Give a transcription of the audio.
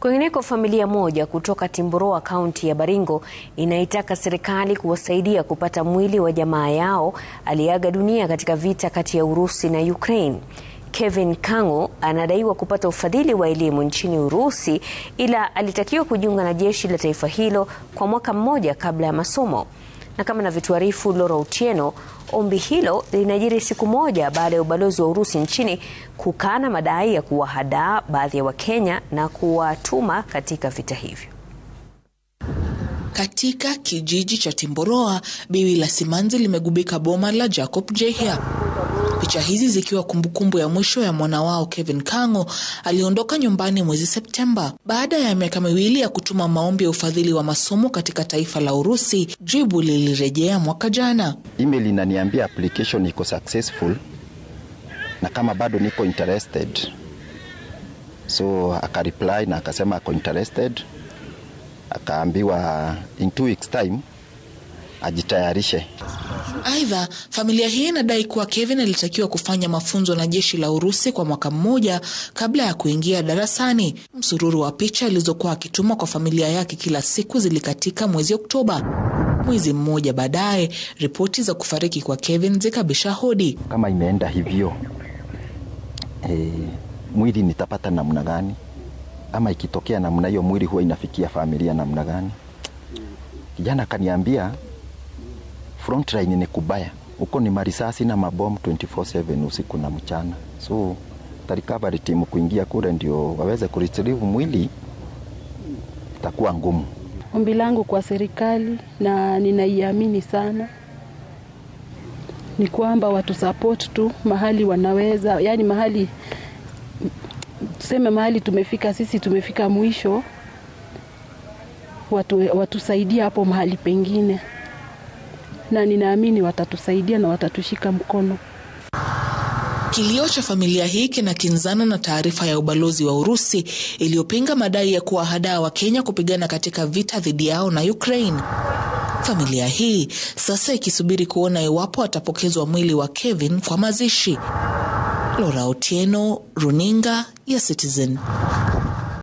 Kwingineko, familia moja kutoka Timboroa kaunti ya Baringo inaitaka serikali kuwasaidia kupata mwili wa jamaa yao aliyeaga dunia katika vita kati ya Urusi na Ukraine. Kevin Kang'o anadaiwa kupata ufadhili wa elimu nchini Urusi ila alitakiwa kujiunga na jeshi la taifa hilo kwa mwaka mmoja kabla ya masomo na kama anavyotuarifu Lora Utieno, ombi hilo linajiri siku moja baada ya ubalozi wa Urusi nchini kukana madai ya kuwahadaa baadhi ya Wakenya na kuwatuma katika vita hivyo. Katika kijiji cha Timboroa, biwi la simanzi limegubika boma la Jacob Jehia picha hizi zikiwa kumbukumbu ya mwisho ya mwana wao Kevin Kang'o aliondoka nyumbani mwezi Septemba baada ya miaka miwili ya kutuma maombi ya ufadhili wa masomo katika taifa la Urusi. Jibu lilirejea mwaka jana. Email inaniambia application iko successful na kama bado niko interested, so akareply na akasema ako interested, akaambiwa in two weeks time ajitayarishe. Aidha, familia hii inadai kuwa Kevin alitakiwa kufanya mafunzo na jeshi la Urusi kwa mwaka mmoja kabla ya kuingia darasani. Msururu wa picha alizokuwa akituma kwa familia yake kila siku zilikatika mwezi Oktoba. Mwezi mmoja baadaye, ripoti za kufariki kwa Kevin zikabisha hodi. Kama imeenda hivyo, e, mwili nitapata namna gani? Ama ikitokea namna hiyo, mwili huwa inafikia familia namna gani? Kijana akaniambia frontline ni kubaya huko, ni marisasi na mabomu 24/7 usiku na mchana, so recovery team kuingia kule ndio waweze kuretrieve mwili itakuwa ngumu. Ombi langu kwa serikali na ninaiamini sana ni kwamba watu support tu mahali wanaweza, yani mahali tuseme, mahali tumefika sisi, tumefika mwisho, watu watusaidia hapo mahali pengine na ninaamini watatusaidia na watatushika mkono. Kilio cha familia hii kinakinzana na taarifa ya ubalozi wa Urusi iliyopinga madai ya kuwahadaa kenya kupigana katika vita dhidi yao na Ukraine. Familia hii sasa ikisubiri kuona iwapo atapokezwa mwili wa Kevin kwa mazishi. Laura Otieno, Runinga ya Citizen.